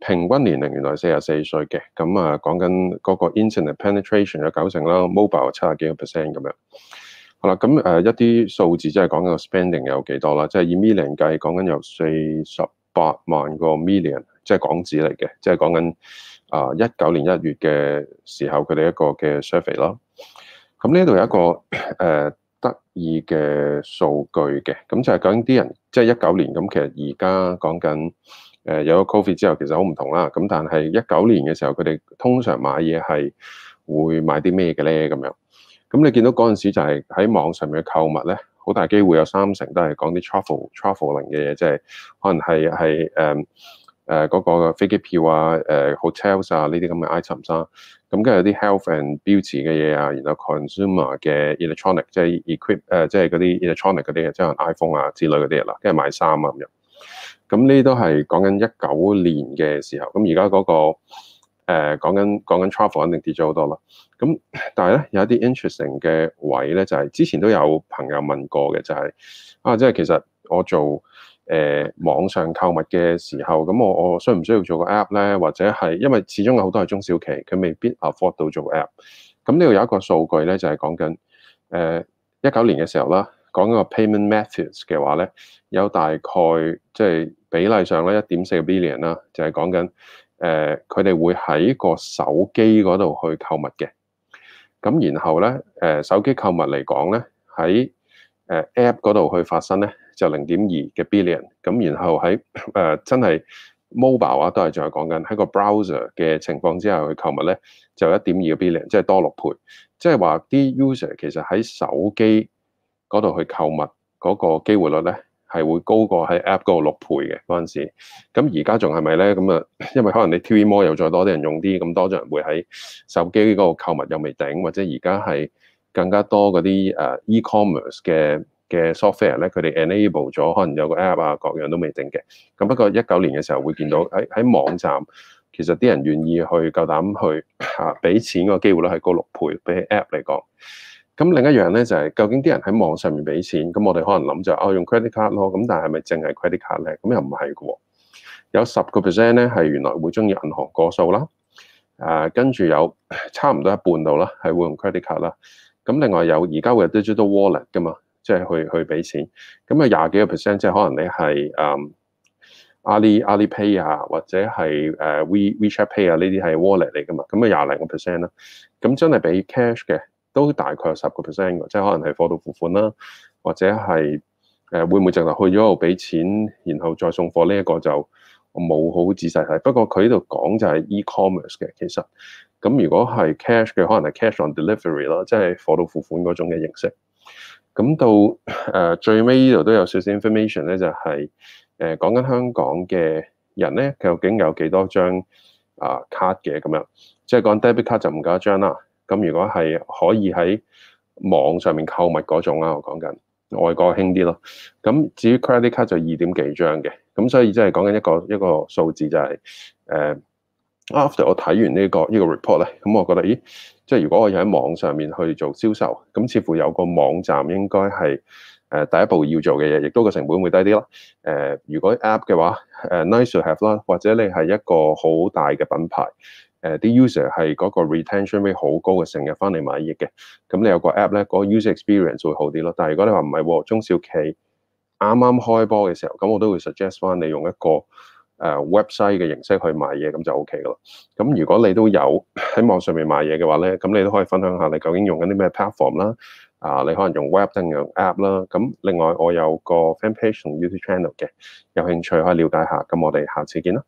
平均年齡原來四十四歲嘅，咁啊講緊嗰個 internet penetration 有九成啦，mobile 七十幾個 percent 咁樣。好啦，咁誒一啲數字即係講緊個 spending 有幾多啦，即係以 million 計，講緊有四十八萬個 million，即係港紙嚟嘅，即係講緊啊一九年一月嘅時候佢哋一個嘅 survey 咯。咁呢度有一個誒、呃、得意嘅數據嘅，咁就係講啲人即係一九年咁，其實而家講緊。誒有咗 COVID 之後，其實好唔同啦。咁但係一九年嘅時候，佢哋通常買嘢係會買啲咩嘅咧？咁樣咁你見到嗰陣時就係喺網上面嘅購物咧，好大機會有三成都係講啲 travel traveling 嘅嘢，即係可能係係誒誒嗰個飛機票啊、誒、呃、hotels 啊呢啲咁嘅 item 啦。咁跟住有啲 health and beauty 嘅嘢啊，然後 consumer 嘅 electronic，即係 equip 誒、呃，即係嗰啲 electronic 嗰啲嘢，即係 iPhone 啊之類嗰啲啦，跟住買衫啊咁樣。咁呢都係講緊一九年嘅時候，咁而家嗰個誒講、呃、緊講緊 travel 肯定跌咗好多咯。咁但係咧有一啲 interesting 嘅位咧，就係、是、之前都有朋友問過嘅，就係、是、啊，即係其實我做誒、呃、網上購物嘅時候，咁我我需唔需要做個 app 咧？或者係因為始終有好多係中小企，佢未必 afford 到做 app。咁呢度有一個數據咧，就係講緊誒一九年嘅時候啦。講個 payment methods 嘅話咧，有大概即係比例上咧、呃、一點四個 billion 啦，就係講緊誒佢哋會喺個手機嗰度去購物嘅。咁然後咧誒、呃、手機購物嚟講咧，喺誒 app 嗰度去發生咧就零點二嘅 billion。咁然後喺誒、呃、真係 mobile 啊，都係仲係講緊喺個 browser 嘅情況之下去購物咧，就一點二個 billion，即係多六倍。即係話啲 user 其實喺手機嗰度去購物嗰個機會率咧，係會高過喺 App 嗰個六倍嘅嗰陣時。咁而家仲係咪咧？咁啊，因為可能你 TV More 又再多啲人用啲，咁多咗人會喺手機嗰個購物又未定，或者而家係更加多嗰啲誒 e-commerce 嘅嘅 software 咧，佢哋 enable 咗，可能有個 app 啊，各樣都未定嘅。咁不過一九年嘅時候會見到喺喺網站，其實啲人願意去夠膽去嚇俾 錢個機會率係高六倍，比起 App 嚟講。咁另一樣咧就係、是，究竟啲人喺網上面俾錢，咁我哋可能諗就是、哦用 credit card 咯，咁但係係咪淨係 credit card 咧？咁又唔係嘅，有十個 percent 咧係原來會鍾意銀行過數啦，誒跟住有差唔多一半度啦係會用 credit card 啦，咁另外有而家會有 digital wallet 噶嘛，即、就、係、是、去去俾錢，咁啊廿幾個 percent 即係可能你係誒阿里阿里 pay 啊或者係誒 We WeChat Pay 啊呢啲係 wallet 嚟噶嘛，咁啊廿零個 percent 啦，咁真係俾 cash 嘅。都大概有十個 percent 嘅，即係可能係貨到付款啦，或者係誒會唔會淨係去咗度俾錢，然後再送貨呢一個就冇好仔細睇。不過佢呢度講就係 e-commerce 嘅，其實咁如果係 cash 嘅，可能係 cash on delivery 咯，即係貨到付款嗰種嘅形式。咁到誒最尾呢度都有少少 information 咧，就係誒講緊香港嘅人咧，究竟有幾多張啊卡嘅咁樣？即係講 debit 卡就唔夠一張啦。咁如果係可以喺網上面購物嗰種啊，我講緊外國興啲咯。咁至於 credit card 就二點幾張嘅，咁所以即係講緊一個一個數字就係誒。Uh, after 我睇完呢個呢個 report 咧，咁我覺得，咦，即係如果我要喺網上面去做銷售，咁似乎有個網站應該係誒第一步要做嘅嘢，亦都個成本會低啲咯。誒，uh, 如果 app 嘅話，誒、uh, nice to have 啦，或者你係一個好大嘅品牌。誒啲 user 係嗰個 retention rate 好高嘅，成日翻嚟買嘢嘅。咁你有個 app 咧，嗰個 user experience 會好啲咯。但係如果你話唔係喎，中小企啱啱開波嘅時候，咁我都會 suggest 翻你用一個誒 website、呃、嘅形式去賣嘢，咁就 OK 噶咯。咁如果你都有喺網上面賣嘢嘅話咧，咁你都可以分享下你究竟用緊啲咩 platform 啦。啊，你可能用 web 定用 app 啦。咁另外我有個 fan page 同 YouTube channel 嘅，有興趣可以了解下。咁我哋下次見啦。